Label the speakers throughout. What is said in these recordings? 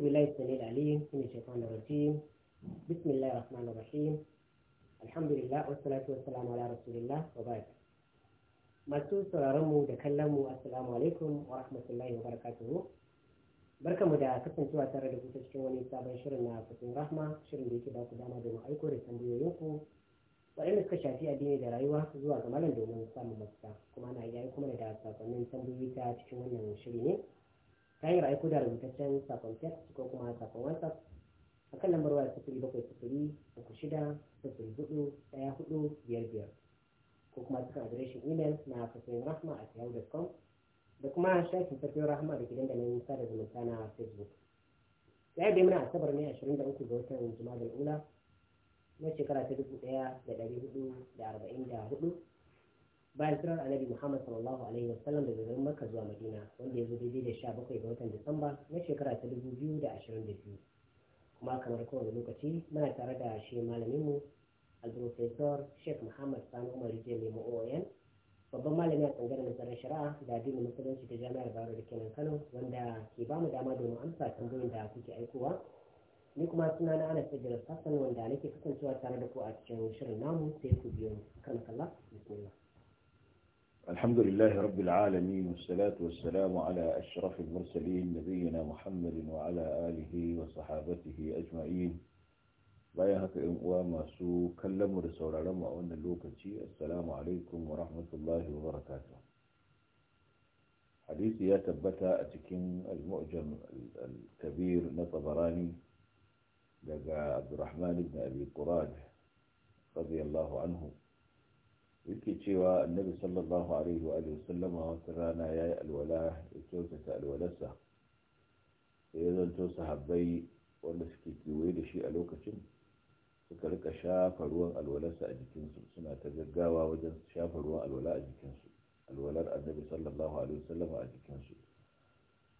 Speaker 1: بسم الله السميع العليم masu sauraron mu da kallon mu assalamu alaikum wa rahmatullahi wa barakatuhu da kasancewa tare da ku cikin wani sabon shirin na fatin rahma shirin da yake ba ku dama domin aiko da tambayoyin ku waɗanda shafi addini da rayuwa zuwa ga malam domin samun mafita kuma na iya kuma da sakonnin tambayoyi ta cikin wannan shiri ne ta ra'ayi aiko da rubutaccen sakon text ko kuma sakon whatsapp a kan lambar waya sifiri bakwai sifiri uku shida sifiri hudu daya hudu biyar biyar ko kuma cikin adireshin imel na fasirin rahma a yahoo.com da kuma shafin fasirin rahma da gidan da na nisa da zumunta na facebook ya yi muna asabar ne 23 ga watan da ula na shekara ta dubu da da da arba'in hudu. bayan kiran annabi muhammad sallallahu alaihi wasallam daga garin makka zuwa madina wanda ya zo daidai da sha bakwai ga watan disamba na shekara ta dubu biyu da ashirin da biyu kuma kamar kowane lokaci muna tare da shi malaminmu alprofesor sheikh muhammad sani umar mai mu'oyan babban malami a tsangaren nazarin shari'a da addinin musulunci ta jami'ar bayero da kenan kano wanda ke bamu dama domin amsa tambayoyin da kuke aikowa ni kuma suna na ana sajjar sassan wanda nake kasancewa tare da ku a cikin shirin namu sai ku biyo kan kalla bismillah
Speaker 2: الحمد لله رب العالمين والصلاة والسلام على أشرف المرسلين نبينا محمد وعلى آله وصحابته أجمعين بياهك إمواما سو كلم رسول علم وأن اللوكتي السلام عليكم ورحمة الله وبركاته حديثي يتبتى أتكين المؤجم الكبير نطبراني لقى عبد الرحمن بن أبي قراد رضي الله عنه yake cewa annabi sallallahu alaihi wa sallama wata rana ya yi alwala ya kyautata alwalarsa sai ya zanto sahabbai wanda suke kewaye da shi a lokacin suka rika shafa ruwan alwalarsa a jikinsu suna ta gaggawa wajen shafa ruwan alwala a jikinsu alwalar annabi sallallahu alaihi sallama a jikinsu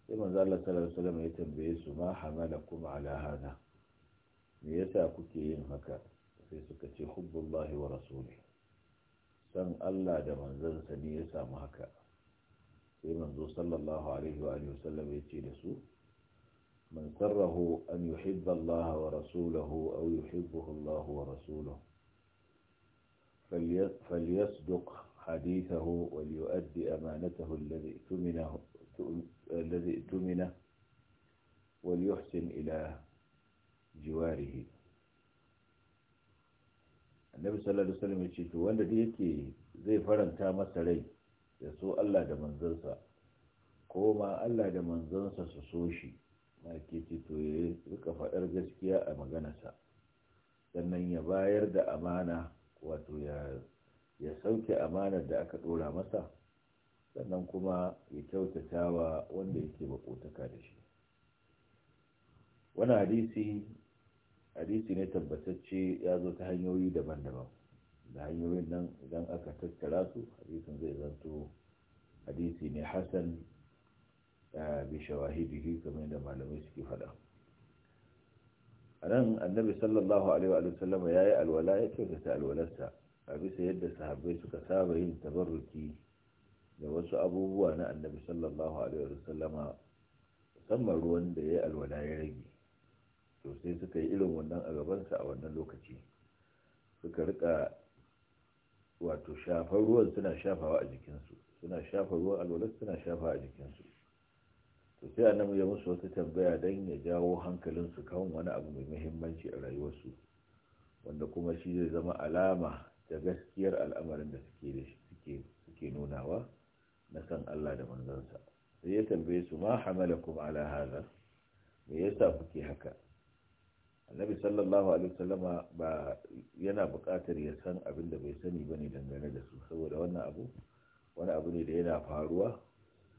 Speaker 2: sai manzo Allah sallallahu alaihi wasallam ya tambaye su ma hamalakum ala hada me yasa kuke yin haka sai suka ce hubbullahi wa rasulih san Allah da manzansa ne ya samu haka sai manzo sallallahu alaihi wa sallam ya ce da su man sarrahu an yuhibba Allah wa rasulahu aw yuhibbuhu Allah wa rasuluhu فليصدق حديثه وليؤدي أمانته الذي ائتمنه الذي ائتمنه وليحسن إلى جواره annabi sallallahu alaihi wasallam ya ce to wanda da yake zai faranta masa rai ya so Allah da manzansa ko ma Allah da manzansa su so shi ma ke ce to ya rika faɗar gaskiya a maganarsa sannan ya bayar da amana wato ya ya sauke amanar da aka ɗora masa sannan kuma ya kyautatawa wanda yake baƙotaka da shi wani hadisi hadisi ne tabbatacce ya zo ta hanyoyi daban-daban da hanyoyin nan idan aka tattara su hadisin zai zanto hadisi ne hasan eh, bi shawahidihi kamar da malamai suke fada. a nan annabi sallallahu alaihi wa sallama ya yi alwala ya ta alwalarsa a bisa yadda sahabbai suka saba yin tabarruki da wasu abubuwa na annabi sallallahu alaihi wa sallama musamman ruwan da ya yi alwala ya rage sosai suka yi irin wannan a gabansa a wannan lokaci suka rika wato shafar ruwan suna shafawa a jikinsu suna shafa ruwan alwalar suna shafa a jikinsu to sai a namu ya musu wata tambaya don ya jawo hankalinsu kan wani abu mai muhimmanci a rayuwarsu wanda kuma shi zai zama alama da gaskiyar al'amarin da suke nunawa na san Allah da manzansa sai ya tambaye su ma hamalakum ala hadha me yasa kuke haka annabi sallallahu alaihi wasallama ba yana buƙatar ya san abin da bai sani bane dangane da su saboda wannan abu wani abu ne da yana faruwa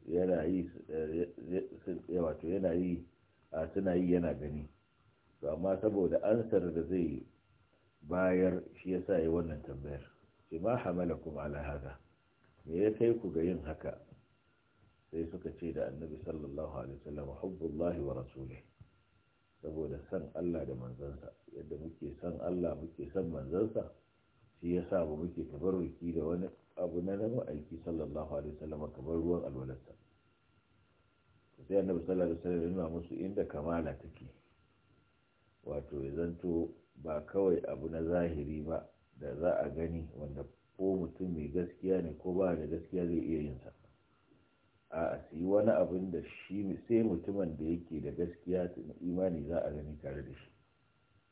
Speaker 2: yana yi eh, wato yana yi a suna yi yana gani to amma saboda ansar da zai bayar shi yasa yi wannan tambayar ce ma hamalakum ala hada me ya kai ku ga yin haka sai suka ce da annabi sallallahu alaihi wasallam hubbullahi wa rasulihi saboda san Allah da manzansa yadda muke san Allah muke san manzansa shi ya sa ba muke tabarruki da wani abu na nama aiki sallallahu alaihi wasallam kamar ruwan alwalarsa sai annabi sallallahu alaihi wasallam yana musu inda kamala take wato ya zanto ba kawai abu na zahiri ba da za a gani wanda ko mutum mai gaskiya ne ko ba da gaskiya zai iya yin sa A'a, su yi wani abin da shi sai mutumin da yake da gaskiya imani za a gani tare da shi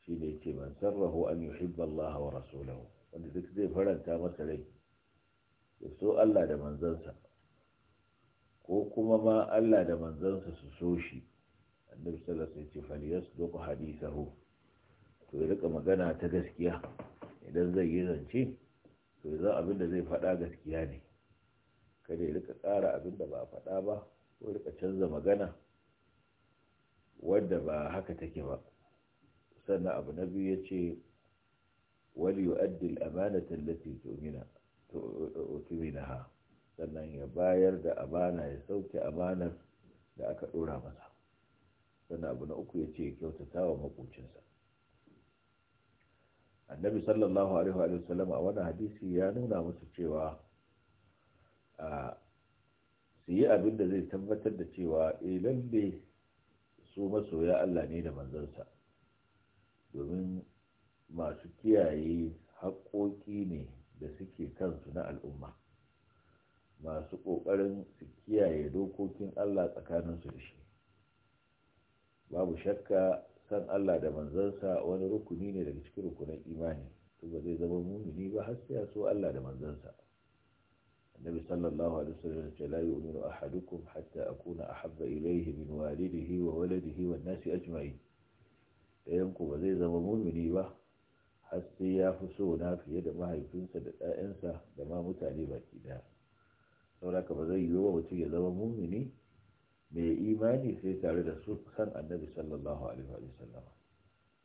Speaker 2: shi ne ce ban sarrafa an yuhibba Allah wa rasulahu wanda duk zai faranta masa rai ya so Allah da manzansa ko kuma ma Allah da manzansa su so shi annabi sallallahu alaihi wasallam falyasduq hadithahu to ya rika magana ta gaskiya idan zai yi zance to ya abin da zai faɗa gaskiya ne kada ya rika tsara abin da ba a faɗa ba ko rika canza magana wadda ba haka take ba sannan abu na biyu ya ce wani yi al amana tallafi tu'mina tu'minaha sannan ya bayar da amana ya sauke amanar da aka ɗora masa sannan abu na uku ya ce kyautata wa makocinsa annabi sallallahu alaihi wa sallam a wani hadisi ya nuna musu cewa su yi abin da zai tabbatar da cewa eh lalle su masoya Allah ne da manzansa domin masu kiyaye haƙoƙi ne da suke kansu na al'umma masu ƙoƙarin su kiyaye dokokin Allah tsakaninsu da shi babu shakka san Allah da manzansa wani rukuni ne daga cikin rukunin imani to ba zai zama mumini ba har sai ya so Allah da manzansa النبي صلى الله عليه وسلم لا يؤمن أحدكم حتى أكون أحب إليه من والده وولده والناس أجمعين ɗayanku ba zai zama mumini ba har sai ya fi so na fiye da mahaifinsa da ɗayansa da ma mutane baki ɗaya sauraka ba zai yiwu ba mutum ya zama mumini mai imani sai tare da su san annabi sallallahu alaihi wa sallam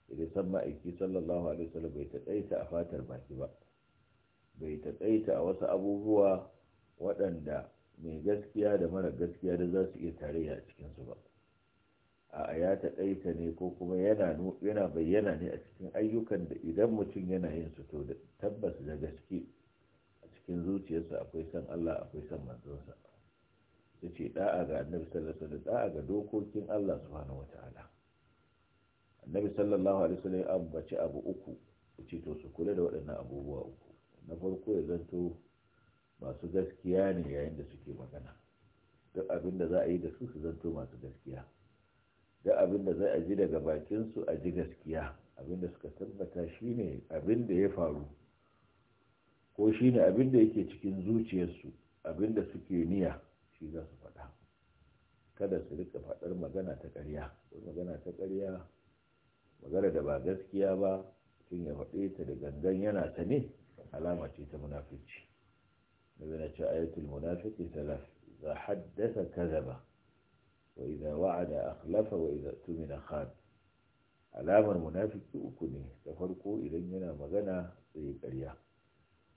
Speaker 2: idan san ma'aiki sallallahu alaihi wa sallam bai taɗaita a fatar baki ba bai taɗaita a wasu abubuwa waɗanda mai gaskiya da mara gaskiya da za su iya tarayya a cikinsu ba a ya taƙaita ne ko kuma yana bayyana ne a cikin ayyukan da idan mutum yana yin su to da tabbas da gaske a cikin zuciyarsa akwai san Allah akwai san manzonsa ta ce da'a ga annabi sallallahu alaihi wasallam da'a ga dokokin Allah subhanahu wataala annabi sallallahu alaihi wasallam ya ambaci abu uku ce to su kula da waɗannan abubuwa uku na farko ya zanto masu gaskiya ne yayin da suke magana duk abin da za a yi da su su zanto masu gaskiya duk abin da za a ji daga bakinsu a ji gaskiya abin da suka tabbata shine abin da ya faru ko shine abin da yake cikin zuciyarsu abin da suke niya shi za su faɗa kada su rika faɗar magana ta ƙarya ko magana ta ƙarya magana da ba gaskiya ba sun ya faɗe ta da gangan yana ta ne alama ce ta munafurci. نبينا آية المنافق ثلاث إذا حدث كذب وإذا وعد أخلف وإذا اؤتمن خان alamar munafuki uku ne da farko idan yana magana zai karya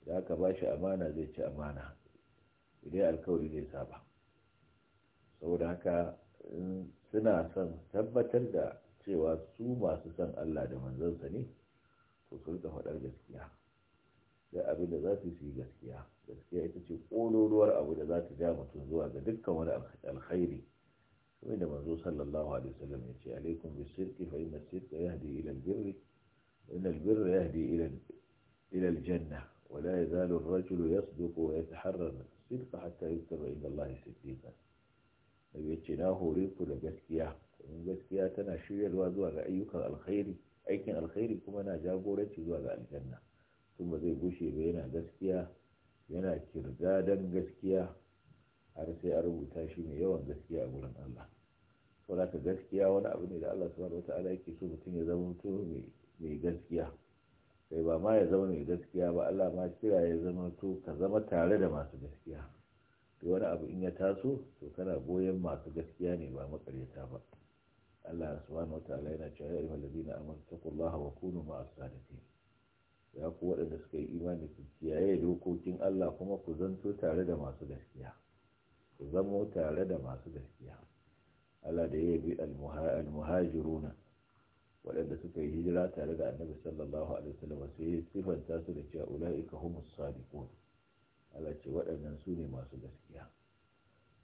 Speaker 2: da aka ba shi amana zai ci amana idan alkawari zai saba saboda haka suna son tabbatar da cewa su masu son Allah da manzansa ne to su rika faɗar gaskiya da abinda da za su yi gaskiya gaskiya ita ce ƙololuwar abu da za ta ja mutum zuwa ga dukkan wani alkhairi kuma da manzo sallallahu alaihi wasallam ya ce alaikum bi sirqi fa inna sirqa yahdi ila al wa inna al birra yahdi ila ila al janna wa la yazalu ar rajulu yasduqu wa yataharra sirqa hatta yuktaba inda Allah siddiqan da ya ce na hore ku da gaskiya domin gaskiya tana shiryarwa zuwa ga ayyukan alkhairi aikin alkhairi kuma na jagoranci zuwa ga aljanna kuma zai gushe ba yana gaskiya yana kirga dan gaskiya har sai a rubuta shi mai yawan gaskiya a gurin Allah saboda ka gaskiya wani abu ne da Allah subhanahu wata'ala yake so mutum ya zama mutum mai gaskiya sai ba ma ya zama mai gaskiya ba Allah ma kira ya zama to ka zama tare da masu gaskiya to wani abu in ya taso to kana goyon masu gaskiya ne ba makaryata ba Allah subhanahu wata'ala yana cewa ya ladina amantu taqullaha wa kunu ma'as sadiqin ya ku waɗanda suka yi imani su kiyaye Allah kuma ku zanto tare da masu gaskiya ku zamo tare da masu gaskiya Allah da ya bi al waɗanda suka yi hijira tare da annabi sallallahu alaihi wasallam sai ya sifanta su da cewa ulaika humus sadiqun Allah ce waɗannan su ne masu gaskiya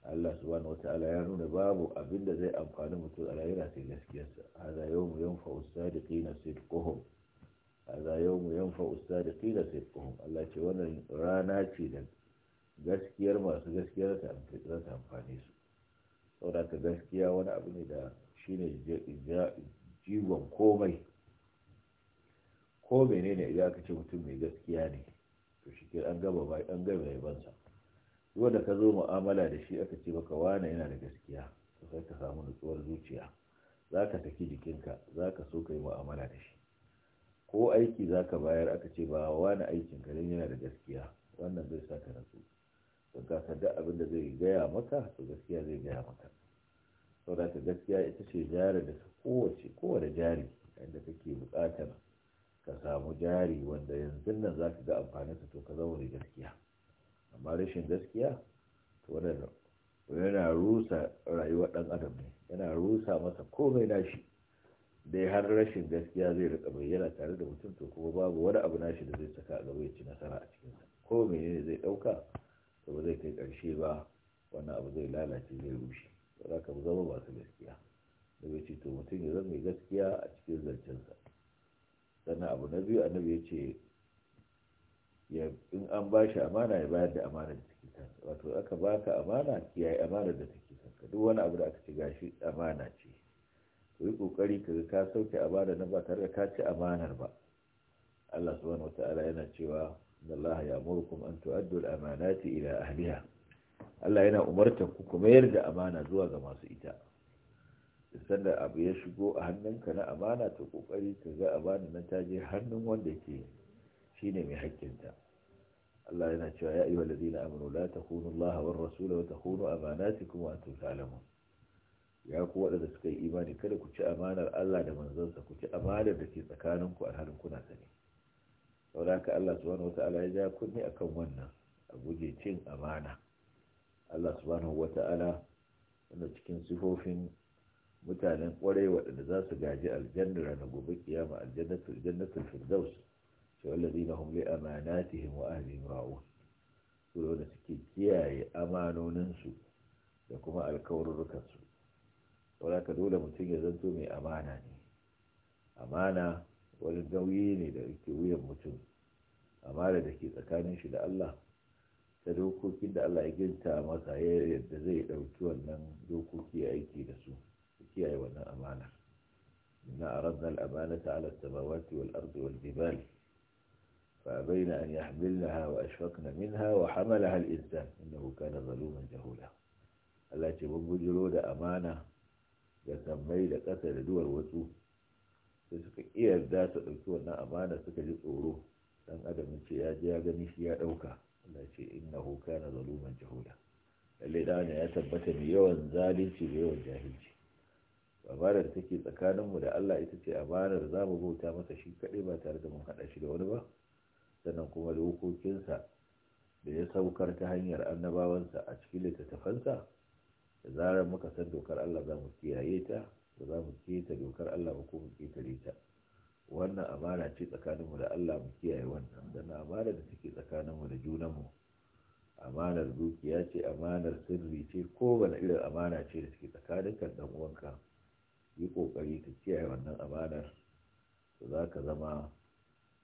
Speaker 2: Allah subhanahu wata'ala ya nuna babu abin da zai amfani mutum a rayuwa sai gaskiyarsa hada yawmu yanfa'u sadiqina sidquhum hadha yawmu yanfa'u sadiqina sidquhum Allah ce wannan rana ce da gaskiyar masu gaskiyar ta za ta amfane su saboda gaskiya wani abu ne da ne jiwon komai ko menene idan aka ce mutum mai gaskiya ne to shi an gaba bai an gaba yabansa wanda ka zo mu'amala da shi aka ce maka wane yana da gaskiya to sai ka samu nutsuwar zuciya za ka saki jikinka za ka so ka yi mu'amala da shi ko aiki za ka bayar aka ce ba wani aikin ka don yana da gaskiya wannan zai sa ka rasu don ka duk abin da zai gaya maka to gaskiya zai gaya maka saboda ka gaskiya ita ce jari da kowace kowane jari inda kake bukatar ka samu jari wanda yanzu nan za ka ga amfanin sa to ka zama da gaskiya amma rashin gaskiya to wannan yana rusa rayuwar dan adam ne yana rusa masa komai nashi dai har rashin gaskiya zai rika bayyana tare da mutum to kuma babu wani abu nashi da zai saka a gaba ya ci nasara a cikin ko menene zai dauka to ba zai kai karshe ba wannan abu zai lalace zai rushe za ka zama masu gaskiya daga ce to mutum ya zama gaskiya a cikin zancensa sannan abu na biyu annabi ya ce in an ba shi amana ya bayar da amana da take kansa wato aka baka amana kiyaye amana da take kanka duk wani abu da aka ci gashi amana ce ka yi kokari ka ka sauke a bada nan ba tare da ka ci amanar ba Allah subhanahu wataala yana cewa inna Allah ya'murukum an tu'addu al-amanati ila ahliha Allah yana umartar ku ku mayar da amana zuwa ga masu ita da abu ya shigo a hannunka na amana ta kokari ka ga amana nan ta je hannun wanda ke shine mai hakkinta Allah yana cewa ya ayyuhallazina ladina amanu la takunu Allah war rasuluhu wa takunu amanatikum wa antum ta'lamun ya ku waɗanda suka yi imani kada ku ci amanar Allah da manzansa ku ci amanar da ke tsakaninku a halin kuna sani saboda haka Allah subhanahu wata'ala ya ja kunni akan wannan a guje cin amana Allah subhanahu wata'ala wanda cikin sifofin mutanen ƙwarai waɗanda za su gaji aljanna ranar gobe kiyama aljannatul jannatul firdaus sai na hum li amanatihim wa ahlihim ra'un su da suke kiyaye amanoninsu da kuma alkawarurrukansu saboda ka dole mutum ya zanto mai amana ne amana wani gauyi ne da ke wuyan mutum amana da ke tsakanin shi da Allah da dokokin da Allah ya ginta masa yadda zai ɗauki wannan dokoki ya aiki da su kiyaye wannan amana inna aradna al-amanata ala as-samawati wal-ardi wal-jibali فأبين أن يحملنها وأشفقن منها وحملها الإنسان إنه كان ظلوما جهولا التي بجلود أمانة da sammai da ƙasa da duwar wasu sai suka iya yarda su ɗauki wannan amana suka ji tsoro dan adam ce ya ji ya gani shi ya ɗauka Allah ce innahu na zaluman jahuda lalle da ya tabbata mai yawan zalunci da yawan jahilci amanar da take tsakaninmu da Allah ita ce amanar za mu bauta masa shi kaɗai ba tare da mun haɗa shi da wani ba sannan kuma dokokinsa da ya saukar ta hanyar annabawansa a cikin littattafansa da zarar muka san dokar Allah za mu kiyaye ta da za mu keta dokar Allah ba ko mu ketare ta wannan amana ce tsakaninmu da Allah mu kiyaye wannan na amana da take tsakaninmu da junanmu amanar dukiya ce amanar sirri ce ko wani irin amana ce da take tsakaninka dan uwanka yi kokari ka kiyaye wannan amanar to za ka zama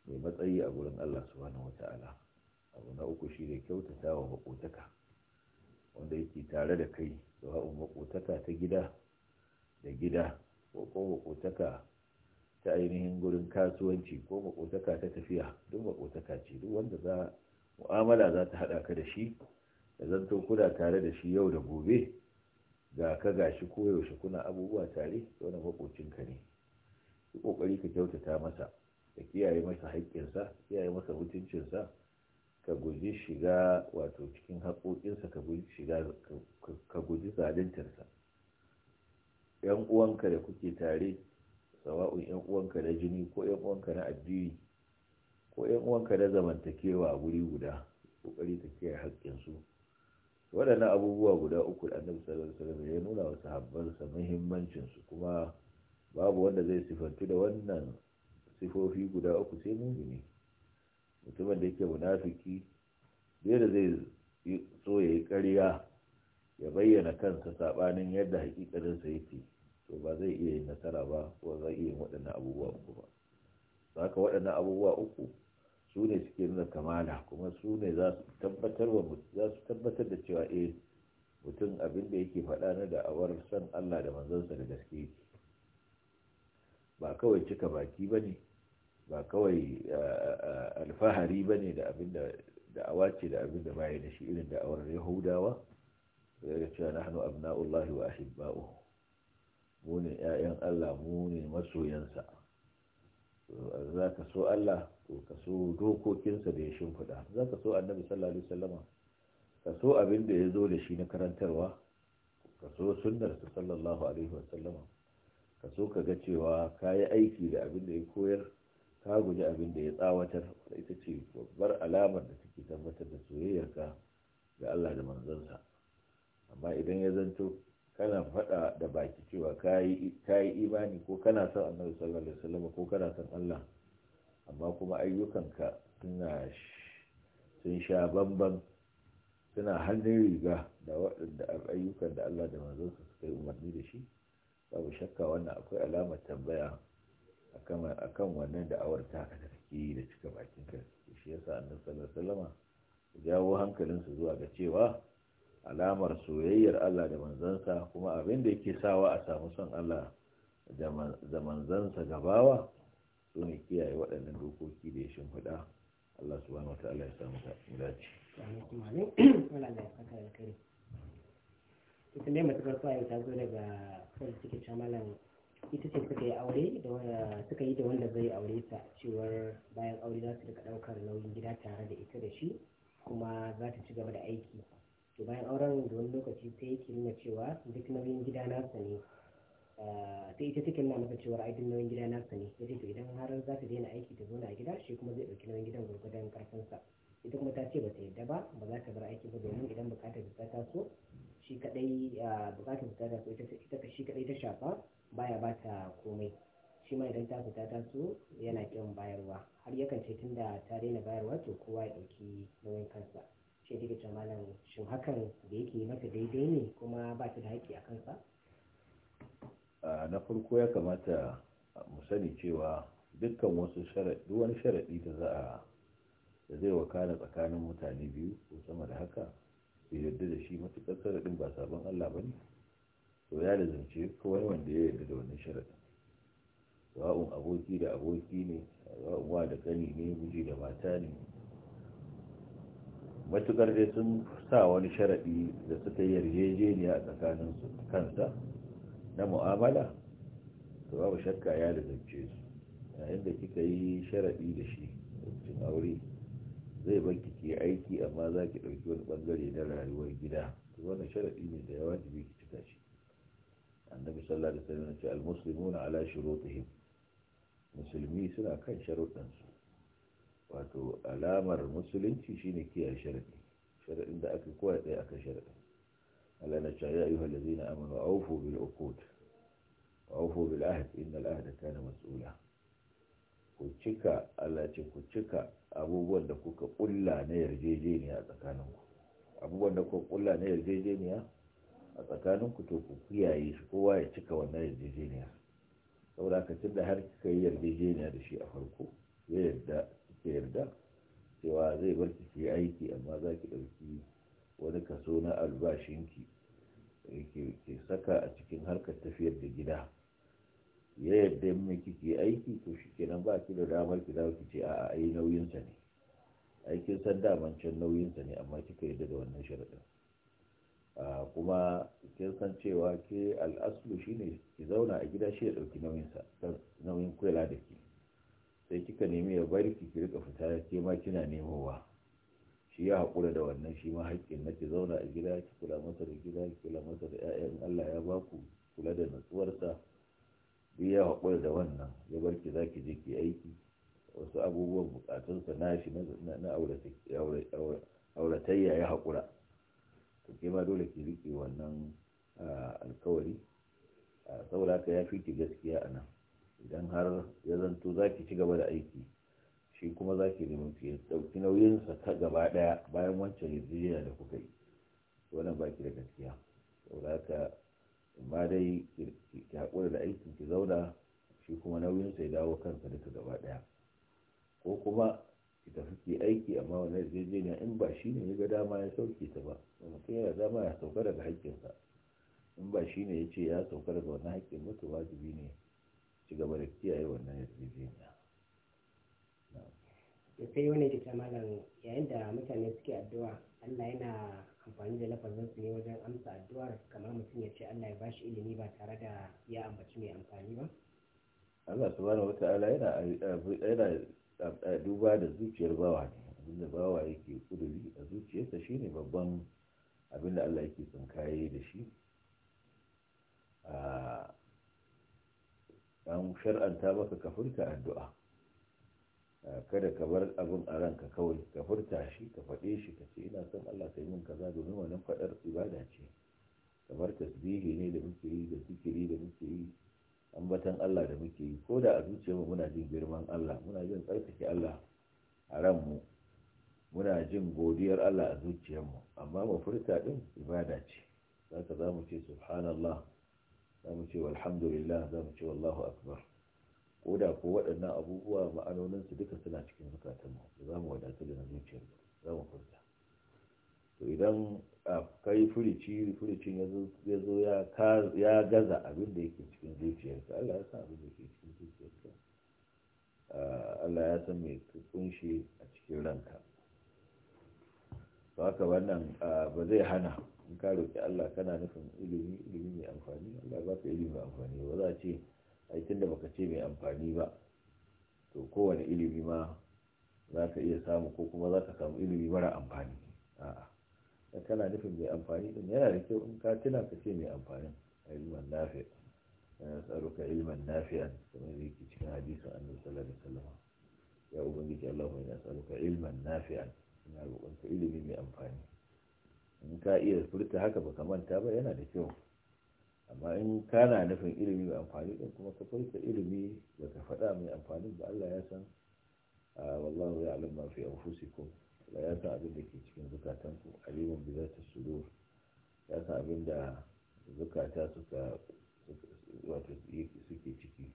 Speaker 2: mai matsayi a gurin Allah subhanahu wata'ala abu na uku shine kyautata wa maƙotaka. wanda yake tare da kai sawa'un makotaka ta gida da gida ko ko makotaka ta ainihin gurin kasuwanci ko makotaka ta tafiya duk makotaka ce duk wanda za mu'amala za ta haɗa ka da shi da zanto kuna tare da shi yau da gobe ga ka gashi koyaushe kuna abubuwa tare wani makocinka ne ki kokari ka kyautata masa ka kiyaye masa haƙƙinsa kiyaye masa mutuncinsa ka guji shiga wato cikin haƙoƙinsa ka guji shiga ka guji zaluntarsa yan uwanka da kuke tare sawa'un yan uwanka na jini ko yan uwanka na addini ko yan uwanka na zamantakewa guri guda ƙoƙari ta kiyaye haƙƙinsu waɗannan abubuwa guda uku da annabi sallallahu alaihi ya nuna wa sahabbansa muhimmancin su kuma babu wanda zai sifantu da wannan sifofi guda uku sai mumini mutumin da yake munafiki da zai so ya yi ƙarya ya bayyana kansa saɓanin yadda hakikarinsa yake to ba zai iya yin nasara ba ko zai iya yin waɗannan abubuwa uku ba ka waɗannan abubuwa uku su ne suke nuna kamala kuma su ne za su tabbatar da cewa eh mutum abin da yake faɗa na awar san Allah da manzansa da gaske ba kawai cika baki ba ne ba kawai alfahari ba ne da abin da awa ce da abin da baya da shi irin da'awar yahudawa daga cewa nahnu abna'ullahi wa ahibba'u mu ne 'ya'yan Allah mu ne masoyansa za ka so Allah to ka so dokokinsa da ya shimfiɗa za ka so annabi sallallahu alaihi wasallama ka so abin da ya zo da shi na karantarwa ka so sunnarsa sallallahu alaihi wasallama ka so ka ga cewa ka yi aiki da abin da ya koyar ka guji abin da ya tsawatar da ita ce babbar alamar da take tabbatar da soyayyarka ga Allah da manzansa amma idan ya zanto kana faɗa da baki cewa ka yi imani ko kana son annabi sallallahu alaihi wasallam ko kana son Allah amma kuma ayyukanka suna sun sha bamban suna hannun riga da waɗanda ayyukan da Allah da manzansa suka yi umarni da shi babu shakka wannan akwai alamar tambaya akan wannan da'awar ta haka da da cika bakin ka shi yasa annabi sallallahu alaihi wasallama jawo hankalinsu zuwa ga cewa alamar soyayyar Allah da manzansa kuma abin da yake sawa a samu son Allah da manzansa gabawa su ne kiyaye waɗannan dokoki da ya shimfiɗa Allah
Speaker 1: subhanahu wataala ya samu dace ita ne matuƙar kwayo ta zo daga kwallo suke camalan ita ce suka yi aure suka yi da wanda zai aure ta cewar bayan aure za su rika daukar nauyin gida tare da ita da shi kuma za ta ci gaba da aiki to bayan auren da wani lokaci sai yake nuna cewa duk nauyin gida nasa ne ta ah, ita take nuna masa cewa ai duk nauyin gida nasa ne ya ce to idan har za ta daina aiki ta zauna a gida shi kuma zai ɗauki nauyin gidan gwargwadon karfinsa ita kuma ta ce ba ta yadda ba ba za ta bar aiki ba domin idan bukatar ta taso shi kadai ah, bukatar ta taso ita shi kadai ta shafa baya ba ta komai shi ma idan ta fita ta so yana kyan bayarwa har yakan ce tun da ta daina bayarwa to kowa ya ɗauki nauyin kansa shi take ce malam shin hakan da yake mata daidai ne kuma ba ta da haƙƙi a kansa
Speaker 2: na farko ya kamata mu sani cewa dukkan wasu sharaɗi sharaɗi da za a da zai wakana tsakanin mutane biyu ko sama da haka bai yarda da shi matuƙar sharaɗin ba sabon Allah ba ne to ya lazumce kawai wanda ya yarda da wannan sharaɗin sawa'un aboki da aboki ne sawa'un wa da gani ne miji da mata ne matukar dai sun sa wani sharaɗi da suka yarjejeniya a tsakanin kansa na mu'amala to babu shakka ya lazumce su yayin da kika yi sharaɗi da shi cikin aure zai banki ki aiki amma za ki ɗauki wani ɓangare na rayuwar gida wannan sharaɗi ne da ya wajibi ki annabi sallallahu alaihi wasallam ce almuslimuna ala shurutihim musulmi suna kan su. wato alamar musulunci shine kiyaye sharadi sharadin da aka koya dai aka sharadin Allah na ce ya ayyuhal ladzina amanu awfu bil uqud awfu bil ahd innal ahda kana mas'ula ku cika Allah ce ku cika abubuwan da kuka kulla na yarjejeniya tsakaninku abubuwan da kuka kulla na yarjejeniya a tsakanin ku to ku kiyaye shi kowa ya cika wannan yarjejeniya saboda haka da har kika yi yarjejeniya da shi a farko ya yarda kika yarda cewa zai bar ki yi aiki amma za ki ɗauki wani kaso na albashinki ke saka a cikin harkar tafiyar da gida ya yarda in kike aiki to shi kenan ba ki da damar ki dawo ki ce a ai nauyinsa ne aikin san daman can nauyinsa ne amma kika yarda da wannan sharaɗin kuma kin san cewa ke al'aslu shine ki zauna a gida shi ya ɗauki nauyinsa nauyin kwela da ki sai kika nemi ya bari ki rika fita ke ma kina nemowa shi ya haƙura da wannan shi ma haƙƙin na ki zauna a gida ki kula masa da gida ki kula masa da 'ya'yan Allah ya baku kula da natsuwarsa duk ya haƙura da wannan ya bar ki za je ki aiki wasu abubuwan sa na shi na auratayya ya haƙura to ke ma dole ki rike wannan alkawari saboda haka ya fi ki gaskiya a nan idan har ya zanto za ki ci gaba da aiki shi kuma za ki nemi ki ɗauki nauyinsa ta gaba ɗaya bayan wancan yarjejeniya da kuka yi wannan ba ki da gaskiya saboda haka amma dai ki haƙura da aikin ki zauna shi kuma nauyinsa ya dawo kansa duka gaba ɗaya ko kuma ki tafi ki aiki amma wannan yarjejeniya in ba shi ne ya ga dama ya sauke ta ba mutum ya dama ya sauka daga haƙƙinsa in ba shi ne ya ce ya sauka daga wannan haƙƙin mutu wajibi ne ci gaba da kiyaye wannan
Speaker 1: yarjejeniya da sai wani ke ta malam yayin da mutane suke addu'a Allah yana amfani da lafazin ne wajen amsa addu'ar kamar mutum ya ce Allah ya ba shi ilimi ba tare da ya ambaci mai amfani ba
Speaker 2: Allah wata ala yana yana duba da zuciyar bawa ne abinda bawa yake kuduri a zuciyarsa shine babban abinda Allah yake tsinkaye da shi ah, an shar'anta baka ka furta addu'a ah, kada ka bar abin a ranka kawai ka furta shi ka faɗe shi ka ce ina son Allah ka yi min kaza domin wannan faɗar ibada ce kamar tasbihi ne da muke yi da zikiri da muke yi ambatan Allah da muke yi ko da a zuciyarmu muna jin girman Allah muna jin tsarkake Allah a ranmu muna jin godiyar Allah a zuciyarmu amma furta din ibada ce zaka za mu ce subhanallah za mu ce walhamdulillah za mu ce wallahu akbar ko da ko waɗannan abubuwa su duka suna cikin zukatanmu da za mu wadatu da na zuciyar za mu furta to idan a kai furici furicin ya zo ya gaza abin da yake cikin zuciyarka Allah ya san abin da yake cikin zuciyarka Allah ya san mai kunshi a cikin ranka to haka wannan ba zai hana in ka roƙi Allah kana nufin ilimi ilimi mai amfani Allah ba ka ilimi mai amfani ba za a ce ai tunda baka ce mai amfani ba to kowane ilimi ma za ka iya samu ko kuma za ka samu ilimi mara amfani a'a da kana nufin mai amfani din yana da kyau in ka tuna ka ce mai amfanin ilman nafi yana tsaruka ilimin nafi'an kamar yake cikin hadisin annabi sallallahu alaihi wasallam ya ubangiji Allahumma ina tsaruka ilimin nafi'an ina roƙonka ilimi mai amfani in ka iya furta haka ba ka manta ba yana da kyau amma in kana nufin ilimi mai amfani ɗin kuma ka furta ilimi da ka faɗa mai amfani ba Allah ya san wallahu ya alim ma fi ko Allah ya san abin da ke cikin zukatanku alimun bi ta sudur ya san abin da zukata suka wato suke ciki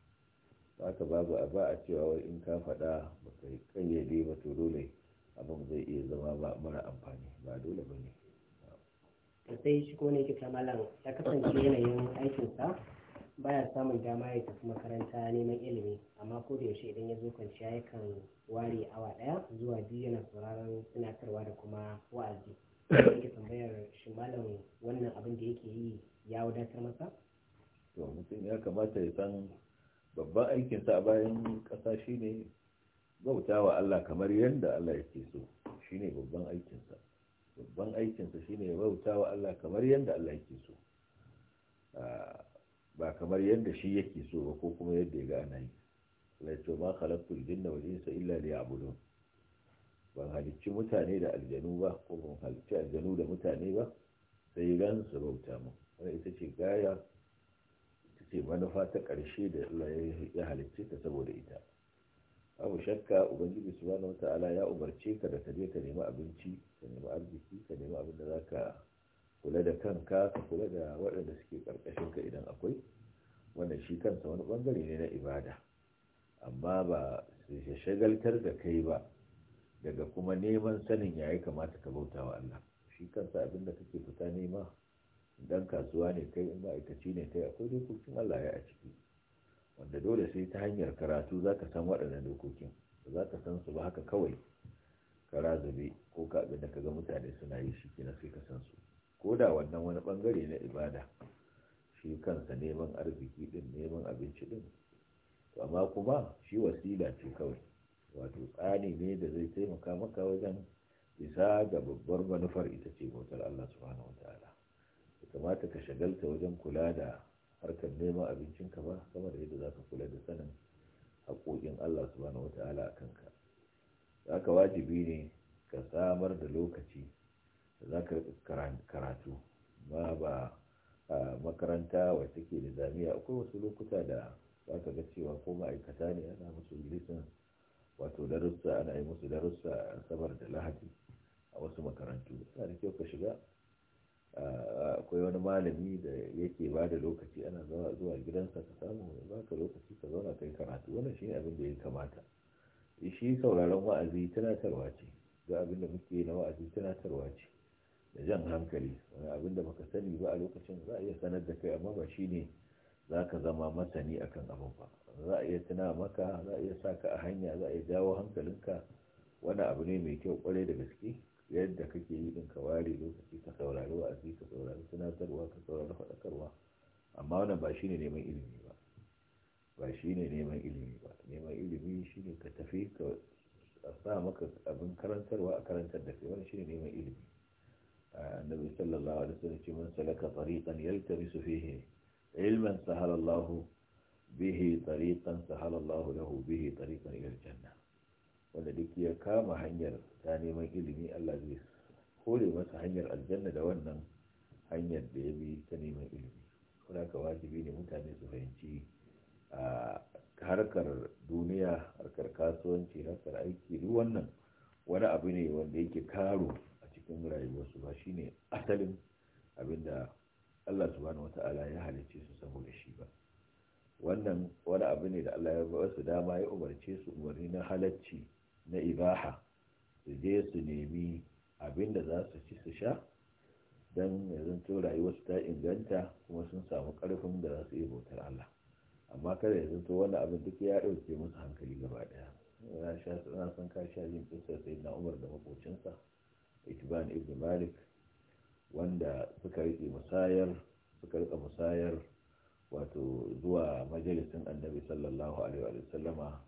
Speaker 2: haka babu a ba a cewa in ka faɗa ba ka ƙayyade ba to dole abin zai iya zama ba mara amfani ba dole ba ne
Speaker 1: sai shi ne ya kasance yanayin aikinsa ba ya samun dama ya tafi makaranta neman ilimi amma ko da yaushe idan ya zo kwanciya yakan ware awa daya zuwa biyu yana sauraron tunatarwa da kuma wa'azi yake tambayar shi malam wannan abin da yake yi ya wadatar masa
Speaker 2: to mutum ya kamata ya san babban aikinsa a bayan ƙasa shine bauta wa Allah kamar yadda Allah yake so shine babban aikinsa babban aikinsa shine bauta Allah kamar yadda Allah yake so ah, ba kamar yadda shi yake so ba ko kuma yadda ya ga ana yi laito ma khalaqtul jinna wal insa illa liya'budun ban halicci mutane da aljanu ba ko ban halicci aljanu da mutane ba sai gan su bauta mu wani ita ce gaya ita ce manufa ta karshe da Allah ya halicce ta saboda ita abu shakka ubangiji subhanahu wata'ala ya umarce ka da ka je ka nemi abinci ka nemi arziki ka nemi abin da za ka kula da kanka ka kula da waɗanda suke ƙarƙashin ka idan akwai wannan shi kansa wani ɓangare ne na ibada amma ba su shagaltar da kai ba daga kuma neman sanin ya yi kamata ka bauta wa Allah shi kansa abin da kake fita nema dan kasuwa ne kai in ma'aikaci ne kai akwai dokokin Allah ya a ciki wanda dole sai ta hanyar karatu za ka san waɗannan dokokin ba za ka san su ba haka kawai ka razabe ko ka abin da ka ga mutane suna yi shi kenan sai ka san su ko da wannan wani bangare na ibada shi kansa neman arziki ɗin, neman abinci din amma kuma shi wasila ce kawai wato tsani ne da zai taimaka maka wajen isa ga babbar manufar ita ce bautar Allah subhanahu wataala kamata ka shagalta wajen kula da harkar neman ka ba kamar da yadda za ka kula da sanin haƙoƙin Allah subhanahu wa ta'ala a kanka za ka wajibi ne ka samar da lokaci da za ka karatu ma ba a makaranta wacce ke da zamiya akwai wasu lokuta da za ka ga cewa ko ma'aikata ne ana musu lisan wato darussa ana yi musu darussa a asabar da lahadi a wasu makarantu yana da kyau ka shiga akwai wani malami da yake ba da lokaci ana zuwa gidansa ka samu ba ka lokaci ka zauna kai karatu wannan shi abin da ya kamata shi sauraron wa'azi tunatarwa ce ga abin da muke na wa'azi tunatarwa ce da jan hankali wani abin da baka sani ba a lokacin za a iya sanar da kai amma ba shi ne za ka zama masani akan abin ba za a iya tuna maka za a iya sa ka a hanya za a iya jawo hankalinka wani abu ne mai kyau kwarai da gaske yadda kake yi din ka ware lokaci ka saurari wa'azi ka saurari tunatarwa ka saurari faɗakarwa amma wannan ba shine neman ilimi ba ba shine neman ilimi ba neman ilimi shine ka tafi ka sa maka abin karantarwa a karantar da kai wannan shine neman ilimi annabi sallallahu alaihi wasallam ce man salaka tariqan yaltamisu fihi ilman sahala Allahu bihi tariqan sahala Allahu lahu bihi tariqan ila al janna. wanda duk ya kama hanyar ta neman ilimi Allah zai kore masa hanyar aljanna da wannan hanyar da ya bi ta neman ilimi kuna ka wajibi ne mutane su fahimci a harkar duniya harkar kasuwanci harkar aiki duk wannan wani abu ne wanda yake karo a cikin rayuwarsu ba shine asalin abinda Allah subhanahu wata'ala ya halicce su saboda shi ba wannan wani abu ne da Allah ya ba su dama ya umarce su umarni na halacci na ibaha su je su nemi abin da za su ci su sha don zan to rayuwarsu ta inganta kuma sun samu ƙarfin da za su iya bautar Allah amma kada yanzu to wani abin duk ya ɗauke musu hankali gaba ɗaya ya sha na san ka sha yin sai na umar da makocinsa ikiban ibn malik wanda suka riƙe musayar suka riƙe musayar wato zuwa majalisin annabi sallallahu alaihi wa sallama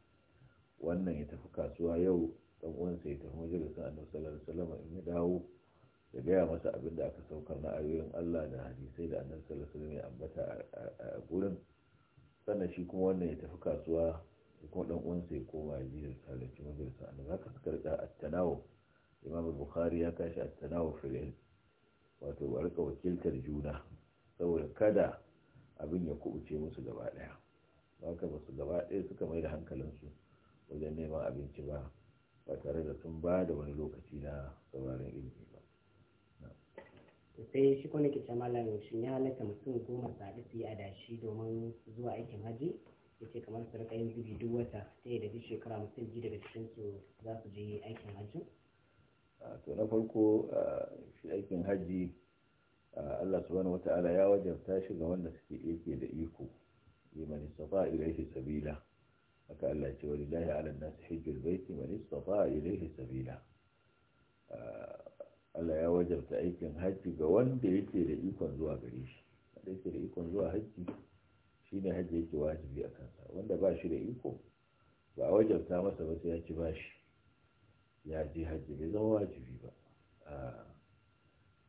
Speaker 2: wannan ya tafi kasuwa yau dan uwansa ya tafi majalisar annabi sallallahu alaihi wasallam in ya dawo ya gaya masa abin da aka saukar na ayoyin Allah da hadisai da annabi sallallahu alaihi wasallam ya ambata a gurin sannan shi kuma wannan ya tafi kasuwa shi kuma dan uwansa ya koma ya ji da halarci majalisar annabi haka suka rika a tanawu imam bukhari ya kashi a tanawu fil wato a rika wakiltar juna saboda kada abin ya kubuce musu gaba daya haka ba su gaba ɗaya suka mai da hankalinsu wajen neman abinci ba ba tare da sun ba da wani lokaci
Speaker 1: na sauraron ilimi ba sai shi nake ke malam shi ya halatta mutum goma sadu su yi adashi domin zuwa aikin hajji ya ce kamar su rika yin zubi duk wata ta da duk shekara mutum ji daga cikin su za su je aikin haji.
Speaker 2: to na farko shi aikin hajji Allah subhanahu wata'ala ya wajabta shi ga wanda suke yake da iko liman istafa ilaihi sabila haka Allah ce wani lahi ala nasu hijjul baiti man istata ilayhi sabila ah, Allah ya wajabta aikin hajji ga wanda yake da ikon zuwa gare shi wanda yake da ikon zuwa hajji shine hajji yake wajibi a kansa wanda ba shi da iko ba a wajabta masa ba sai ya ci bashi ya je hajji bai zama wajibi ba ah,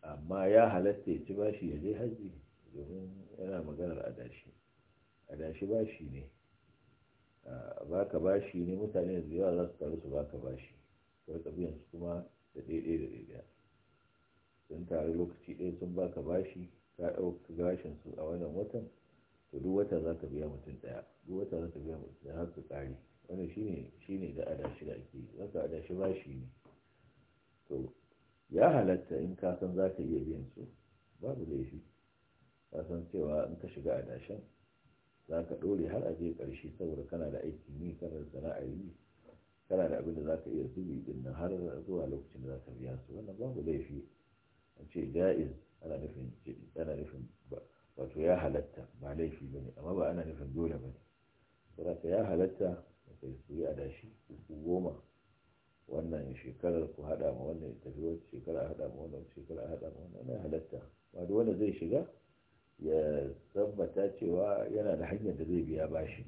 Speaker 2: amma ya halatta ya ci bashi ya je hajji domin yana maganar adashi adashi bashi ne baka bashi ne mutane da yawa za su taru su baka bashi ka biyan su kuma da daidai da daidai sun taru lokaci ɗaya sun baka bashi ka ɗauka gashin su a wannan watan to duk wata za ka biya mutum ɗaya duk wata za ka biya mutum ɗaya har su ƙare wannan shine shine da adashi da ake wata adashi bashi ne to ya halatta in ka san za ka iya biyan su babu laifi ka san cewa in ka shiga adashin za ka ɗore har a je ƙarshe saboda kana da aiki ne kana da sana'ar yi kana da abin da za ka iya zubi din nan har zuwa lokacin da za ka biya su wannan babu laifi a ce ja'iz ana nufin ana nufin wato ya halatta ba laifi ba ne amma ba ana nufin dole ba ne saboda ya halatta kai su yi adashi uku goma wannan shekarar ku haɗa ma wannan tafi wata shekara haɗa ma wannan shekara haɗa ma wannan halatta ba wanda zai shiga ya tabbata cewa yana da hanyar da zai biya bashi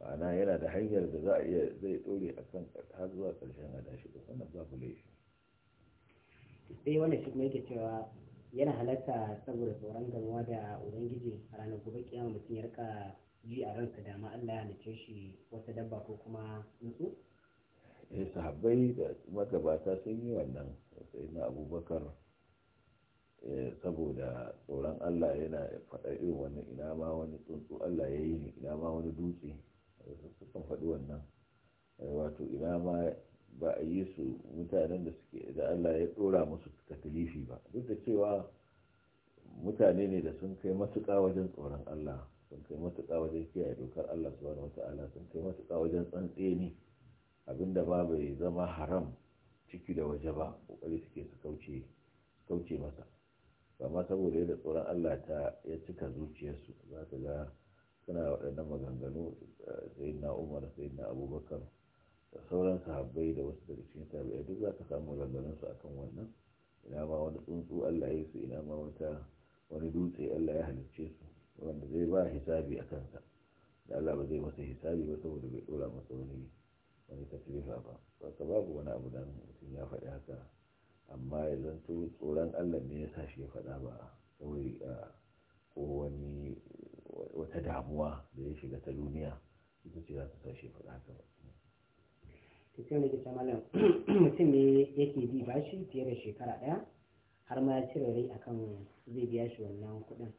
Speaker 2: ma'ana yana da hanyar da za a iya zai dore a kan har zuwa ƙarshen adashi da wannan babu laifi
Speaker 1: sai eh, wanda shi kuma yake cewa yana halatta saboda tsoron gamuwa da ubangiji a ranar gobe kiyama mutum ya rika ji a ransa da ma Allah ya halice shi wata dabba ko kuma tsuntsu
Speaker 2: eh sahabbai da magabata sun yi wannan sai na abubakar Eh, saboda tsoron Allah yana faɗa irin wannan ina ma wani tsuntsu Allah ya yi ni ina ma wani dutse sukan faɗi wannan eh, wato ina ma ba a yi su mutanen da suke da Allah ya ɗora musu takalifi ba duk da cewa mutane ne da sun kai matuƙa wajen tsoron Allah sun kai matuƙa wajen kiyaye dokar Allah subhanahu wata'ala sun kai matuƙa wajen tsantse tsantseni abinda ba bai zama haram ciki da waje ba kokari suke su kauce masa amma saboda yadda tsoron Allah ta ya cika zuciyarsu za ka ga suna waɗannan maganganu eh, sai na umar sai na abubakar da sauran sahabbai da wasu daga cikin tabi'ai duk za ka samu su akan wannan ina ma wani tsuntsu Allah ya su ina ma wata wani dutse Allah ya halicce su wanda zai ba hisabi a kansa da Allah ba zai masa hisabi ba saboda bai ɗora masa wani wani taklifa ba ba babu wani abu da mutum ya faɗi haka amma idan tsoron allah ne ya sa shi ya faɗa ba kawai ko wani wata damuwa da ya shiga ta duniya ita
Speaker 1: ce za ta sa shi ya faɗa haka ba ce wani kisa malam mutum ne yake bi bashi fiye da shekara ɗaya har ma ya cire rai akan zai biya shi wannan kuɗin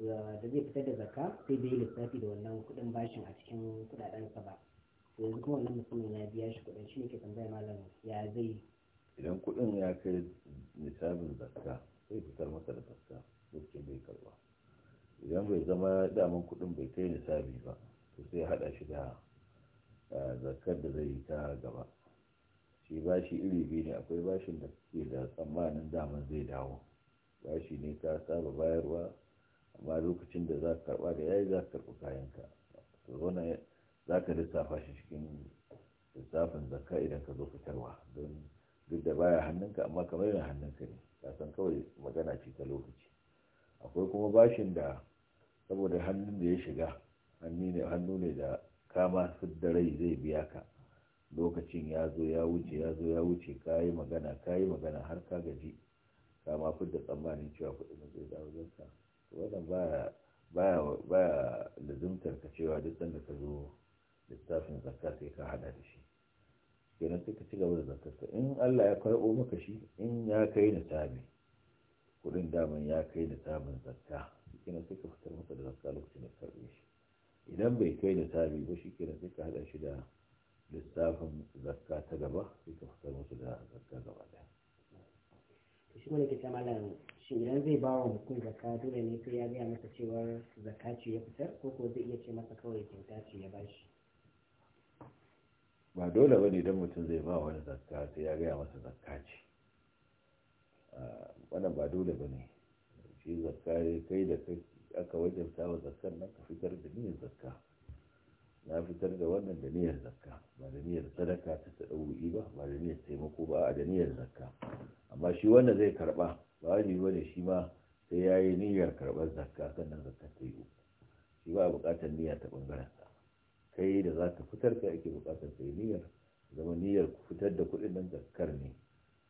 Speaker 1: da zai fitar da zakka sai bai lissafi da wannan kuɗin bashin a cikin kuɗaɗensa ba yanzu kuma wannan mutumin ya biya shi kuɗin shi ne ke tambaya malam ya zai idan kudin ya kai nisabin zakka zai fitar masa da zakka lokacin
Speaker 2: bai karba idan bai zama daman kudin bai kai nisabi ba to sai haɗa shi da eh, zakkar da zai yi ta gaba shi bashi iri biyu ne akwai bashin da ke da tsammanin daman zai dawo bashi ne ka saba bayarwa amma lokacin da za ka karba da yayi za ka karɓi kayanka to wannan za ka lissafa shi cikin lissafin zakka idan ka zo fitarwa don duk da baya hannunka amma kamar yana hannunka ne kasan kawai magana ce ta lokaci akwai kuma bashin da saboda hannun da ya shiga hannu ne da kama da rai zai biya ka lokacin ya zo ya wuce ya zo ya wuce ka yi magana ka yi magana har ka gaji ka ma fidda tsammanin cewa kuɗin zai dawo zanka wannan baya baya baya lazimtar ka cewa duk sanda ka zo littafin zakka sai ka hada da shi kenan sai ka ci gaba da zakarta in Allah ya karɓo maka shi in ya kai ni sabi kudin daman ya kai ni sabon zakka kenan sai ka fitar maka da zakka lokacin da karɓe shi idan bai kai ni sabi ba shi kenan sai ka haɗa shi da lissafin zakka ta gaba sai ka fitar maka da zakka
Speaker 1: gaba ɗaya. shi wani ke malam shi idan zai ba wa mutum zakka dole ne sai ya gaya masa cewar zakka ce ya fitar ko ko zai iya ce masa kawai kyauta ce ya bashi.
Speaker 2: ba dole ba ne don mutum zai ba wani zakka sai ya gaya masa zakka ce ah, wannan ba dole ba ne shi zakka ne kai da aka wajen tawa zakkar nan ka fitar da niyyar zakka na fitar da wannan da niyyar zakka ba da niyyar sadaka ta ta ɗauki ba ba da niyyar taimako ba a da niyyar zakka amma shi wanda zai karɓa, ba wani wani shi ma sai ya yi niyyar karɓar zakka sannan zakka ta yi shi ba a buƙatar niyya ta ɓangaren sa kai da za ka fitar kai ake bukatar kai niyyar zama niyyar fitar da kuɗin nan zakar ne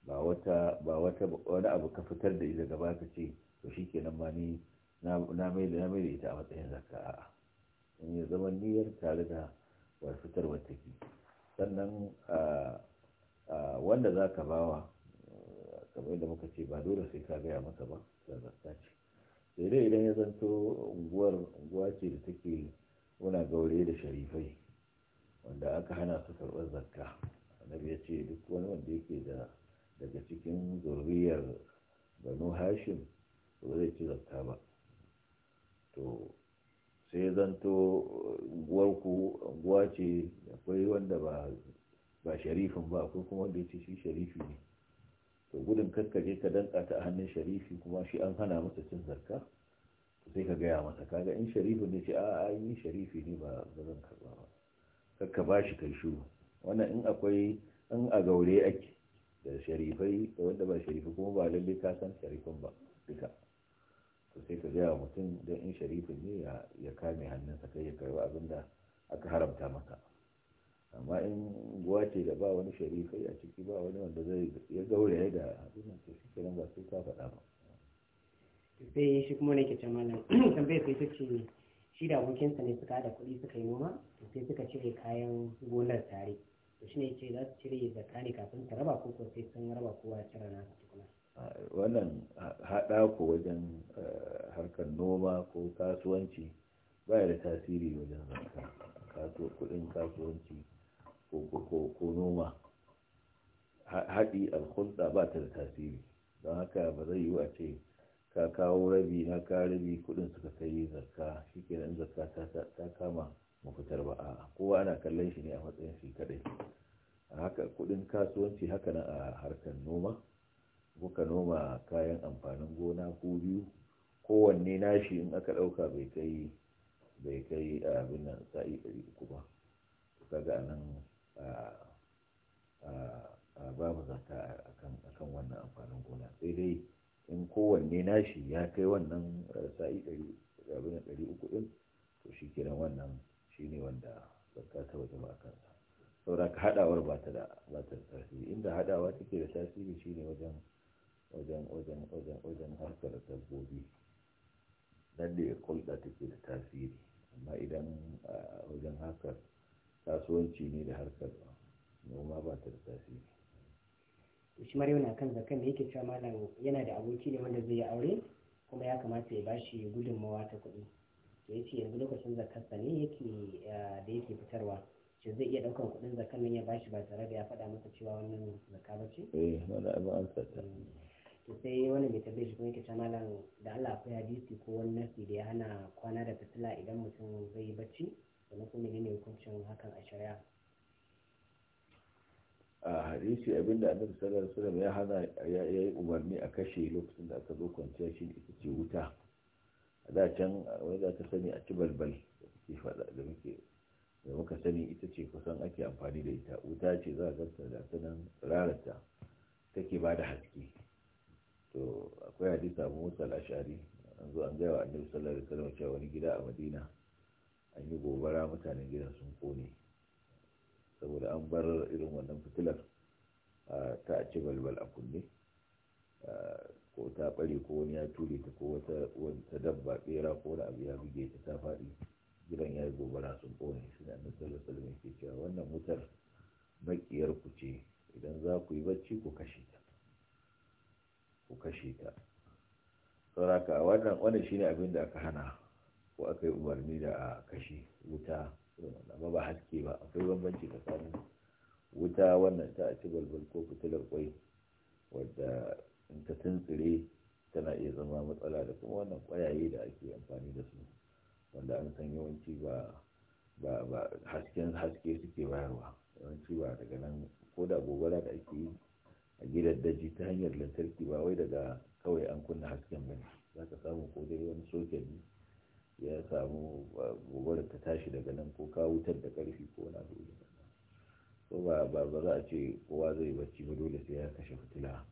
Speaker 2: ba wata ba wata wani abu ka fitar da ita gaba ka ce to shikenan ma ni na mai da na mai da ita a matsayin zakka a'a in ya zama niyyar tare da wa fitar ke sannan wanda za ka bawa kamar da muka ce ba dole sai ka gaya masa ba da zakka ce sai dai idan ya zanto unguwar unguwa ce da take suna gaure da sharifai wanda aka hana su karɓar zakka annabi ya ce duk wani wanda yake da daga cikin zurriyar banu hashim ba zai ci zakka ba to sai zanto unguwarku unguwa ce akwai wanda ba ba sharifin ba akwai kuma wanda ya ce shi sharifi ne to gudun kakkaje ka danka ta a hannun sharifi kuma shi an hana masa cin zakka sai ka gaya masa kaga in sharifu ne ce a a yi sharifi ne ba zan karba ba kakka ba shi kai shuru wannan in akwai in a gaure ake da sharifai da wanda ba sharifi kuma ba lalle ka san sharifin ba duka to sai ka gaya mutum don in sharifin ne ya kame hannunsa kai ya karba abin da aka haramta masa amma in guwa ce da ba wani sharifai a ciki ba wani wanda zai ya gaure da abin da ke cikin ba sai ka faɗa ba
Speaker 1: sai shi kuma ne ke ce tambayar sai ta ce shi da abokinsa ne suka haɗa kuɗi suka yi noma to sai suka cire kayan gonar tare to shi ne ce za su cire zakka ne kafin ta raba ko ko sai sun raba kowa cire na tukuna wannan
Speaker 2: haɗa ko wajen eh, harkar noma ko kasuwanci baya da tasiri wajen zakka kuɗin kasuwanci ko noma haɗi alkhulɗa ba ta da tasiri don haka ba zai yi a ce ka kawo rabi na karibi rabi kuɗin suka kai zakka shi ke nan zakka ta kama mafitar ba a kowa ana kallon shi ne a matsayin shi kadai a haka kudin kasuwanci haka nan a harkar noma kuka noma kayan amfanin gona ko biyu kowanne nashi in aka ɗauka bai kai bai kai abin nan sa'i ɗari uku ba kaga a nan a babu zata akan wannan amfanin gona sai dai in kowanne nashi ya kai wannan sa'i ɗari uku ɗin to shi kenan wannan shi ne wanda zakka ta waje ba kansa saboda ka haɗawar ba ta da tasiri inda haɗawa take da tasiri shi ne wajen wajen wajen wajen wajen harkar dabbobi nan da kulɗa take da tasiri amma idan wajen harkar kasuwanci ne da harkar noma ba ta da tasiri
Speaker 1: to shi na kan zakan da yake cewa malam yana da aboki ne wanda zai yi aure kuma ya kamata ya bashi gudunmawa ta kuɗi to yace yanzu lokacin zakarsa ne yake eh, da yake fitarwa shi zai iya ɗaukar kuɗin zakan nan ya bashi ba tare da ya faɗa masa cewa wannan zaka ba ce eh abin an to sai wani mai tabbai shi kuma yake cewa malam da Allah akwai hadisi ko wani nasi da ya hana kwana da fitila idan mutum zai yi bacci sannan kuma ne hukuncin hakan a shari'a
Speaker 2: a hadisi abinda annabi sallallahu alaihi wasallam ya hana ya yi umarni a kashe lokacin da aka zo kwanciya shi ita ce wuta da can wani za ta sani a ci balbal da muke da muka sani ita ce kusan ake amfani da ita wuta ce za a ganta da ta nan rarata take ba da haske to akwai hadisa abu musa al-ashari an zo an gaya wa annabi sallallahu alaihi wasallam cewa wani gida a madina an yi gobara mutanen gidan sun kone saboda an bar irin wannan fitilar ta ci balbal a kunne ko ta bare ko wani ya ture ta ko wata dabba bera ko wani abu ya buge ta ta faɗi gidan ya yi gobara sun ƙone shi da annabi sallallahu alaihi ke cewa wannan wutar makiyar ku ce idan za ku yi bacci ku kashe ta ku kashe ta sauraka wannan shi shine abin da aka hana ko aka yi umarni da a kashe wuta amma ba haske ba akwai bambanci tsakanin wuta wannan ta ci balbal ko fitilar kwai wadda in ta tuntsire tana iya zama matsala da kuma wannan kwayaye da ake amfani da su wanda an san yawanci ba ba hasken haske suke bayarwa yawanci ba daga nan ko da gobara da ake yi a gidan daji ta hanyar lantarki ba wai daga kawai an kunna hasken ba ne za ka samu ko dai wani soket ne ya samu gobar ta tashi daga nan ko ka wutar da karfi ko na dole so ba ba za a ce kowa zai bacci ba dole sai ya kashe fitila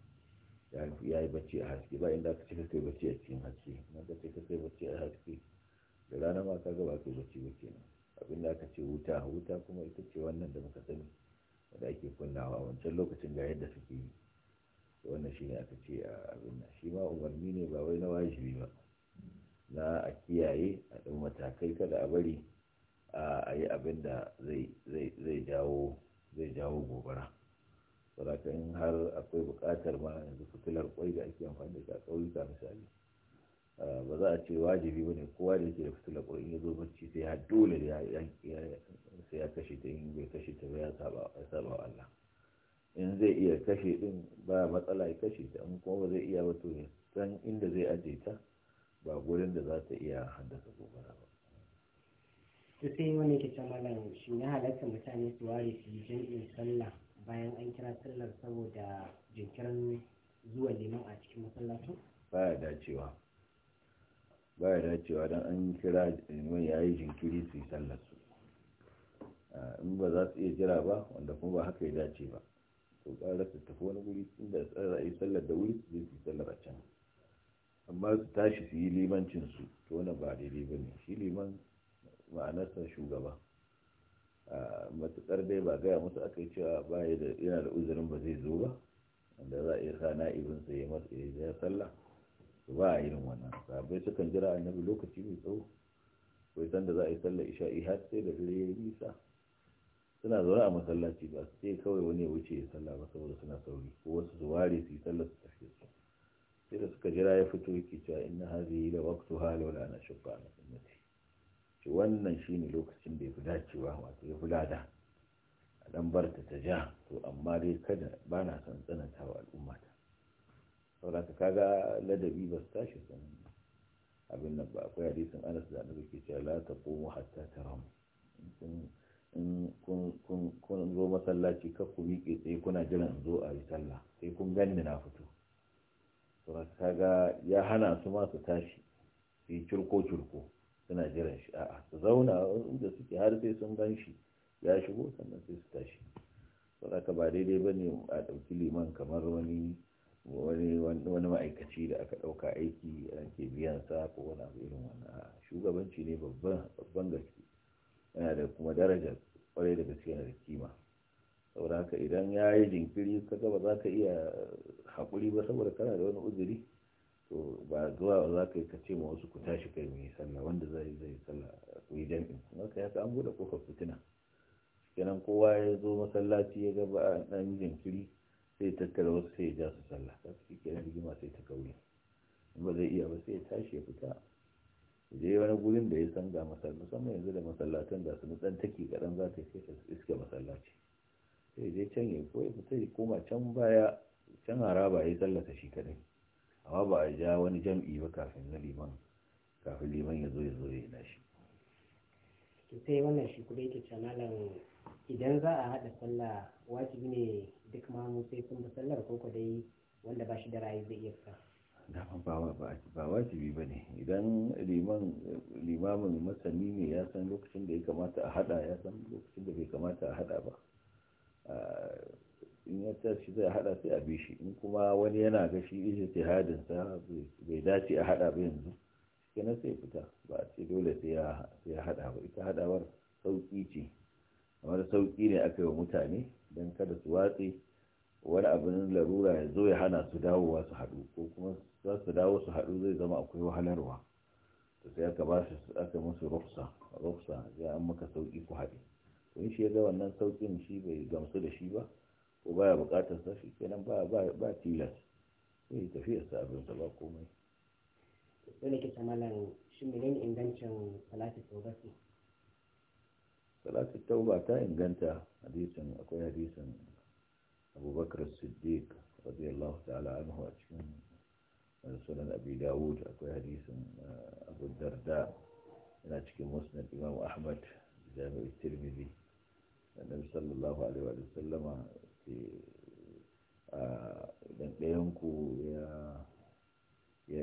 Speaker 2: ya yi bacci a haske ba inda aka ce kai bacci a cikin haske na ka ce kai bacci a haske da rana ma ka gaba kai bacci ba kenan abin da aka ce wuta wuta kuma ita ce wannan da muka sani wanda ake kunnawa a wancan lokacin ga yadda suke yi wannan shi ne aka ce a abin nan shi ma umarni ne ba wai na wajibi ba na a kiyaye a ɗan matakai kada a bari a yi abin da zai jawo zai jawo gobara saboda in har akwai buƙatar ma yanzu fitilar kwai da ake amfani da a ƙauyuka misali ba za a ce wajibi ba ne kowa da yake da fitilar kwai in ya zo bacci sai ya dole sai ya kashe ta in bai kashe ta ba ya saba wa Allah in zai iya kashe din ba matsala ya kashe ta in kuma ba zai iya ba to san inda zai ajiye ta ba gurin da za ta iya haddasa gobara ba
Speaker 1: Su sai wani ke can malam shi ne halatta mutane su ware su yi jam'in sallah bayan an kira sallar saboda jinkirin zuwa liman a cikin masallacin
Speaker 2: ya dacewa ya dacewa don an kira liman ya yi jinkiri su yi sallar su in ba za su iya jira ba wanda kuma ba haka ya dace ba to ƙara su tafi wani guri inda tsara yi sallar da wuri su je su yi sallar a can amma su tashi su yi limancinsu to ba daidai ba ne shi liman ma'anarsa shugaba a matuƙar dai ba gaya musu aka yi cewa ba yana da uzurin ba zai zo ba wanda za a iya sa na'ibinsa ya masa ya sallah su ba a irin wannan sabai kan jira annabi lokaci mai tsawo san da za a yi sallar isha'i har sai da dare ya yi nisa suna zaune a masallaci ba sai kawai wani ya wuce ya sallah ba saboda suna sauri ko wasu su ware su yi sallar su tafi su sai da suka jira ya fito yake cewa inna hazihi la waqtuha laula la nashqa ala ummati to wannan shine lokacin da yafi dacewa wato yafi lada a dan barta ta ja to amma dai kada ba bana son tsananta wa al'umma ta saboda kaga ladabi ba su tashi sun abin nan ba akwai hadisin Anas da Annabi ke cewa la taqumu hatta taram in kun zo masallaci kar ku miƙe tsaye kuna jiran zo a yi sallah sai kun ganni na fito sauran kaga ya hana su ma su tashi su yi cirko-cirko, suna jiran shi a'a su zauna inda suke har sai sun gan shi ya shigo sannan sai su tashi saboda ba daidai ba ne a ɗauki liman kamar wani wani ma'aikaci da aka ɗauka aiki ake biyan sa ko wani abu irin wannan shugabanci ne babban gaske yana da kuma daraja kwarai da gaske yana da kima sauraka idan ya yi jinkiri kaga ba za ka iya haƙuri ba saboda kana da wani uzuri to ba zuwa ba za ka yi ka ce ma wasu ku tashi kai mai sallah wanda zai zai sallah ku yi jam'in kuma ka yaka an buɗe kofar fitina kenan kowa ya zo masallaci ya gaba a ɗan jinkiri sai tattara wasu sai ya ja su sallah ta su kenan rigima sai ta in ba zai iya ba sai ya tashi ya fita je wani gurin da ya san ga masallaci musamman yanzu da masallatan da su ɗan take kaɗan za ta kai ta iske masallaci sai je can ya koya fita ya koma can baya can haraba ya tsallaka shi kadai amma ba a ja wani jam'i ba kafin na liman
Speaker 1: kafin liman ya zo ya zo ya na shi sai wannan shi kuma yake canalan idan za a haɗa sallah wajibi ne duk mu sai sun ba sallar ko ko dai wanda ba shi da rayu zai iya fita ba wajibi ba ne
Speaker 2: idan limamin masani ne ya san lokacin da ya kamata a hada ya san lokacin da bai kamata a hada ba in ya tashi zai hada sai a bi shi, in kuma wani yana ga shi ijtihadin sa bai dace a hada ba yanzu kenan sai fita ba a ce dole sai ya hada ba ita hadawar sauki ce wani sauki ne aka yi wa mutane don kada su watsi wani abin larura ya zo ya hana su dawowa su haɗu ko kuma za su dawo su haɗu zai zama akwai wahalarwa to sai aka ba su aka musu rufsa rufsa ya an maka sauki ku haɗe in shi ya ga wannan saukin shi bai gamsu da shi ba ko baya bukatar sa shi kenan ba ba ba tilas sai tafi sa abin sa ba komai
Speaker 1: sai nake ta malam shi ne ne ingancin salati tauba ce
Speaker 2: salati tauba ta inganta hadisin akwai hadisin Abubakar Siddiq radiyallahu ta'ala anhu a cikin sunan Abi Dawud akwai hadisin eh, Abu Darda yana cikin Musnad Imam Ahmad Jami'ul Tirmidhi annabi sallallahu alaihi wa sallama idan ɗayanku ya